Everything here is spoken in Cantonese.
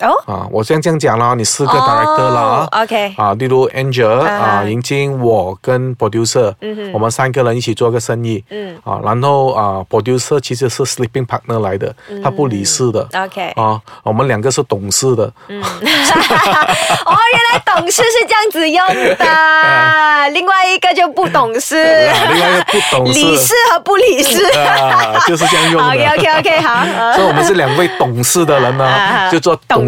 哦，啊，我先這樣講啦，你四個 director 啦，OK，啊，例如 Angel 啊，盈晶，我跟 producer，嗯哼，我們三個人一起做個生意，嗯，啊，然後啊，producer 其實是 sleeping partner 來的，他不理事的，OK，啊，我們兩個是董事的，哦，原來董事是這樣子用的，另外一個就不懂事，理事和不理事，就是這樣用的，OK OK OK，好，所以我們是兩位董事的人啊，就做董。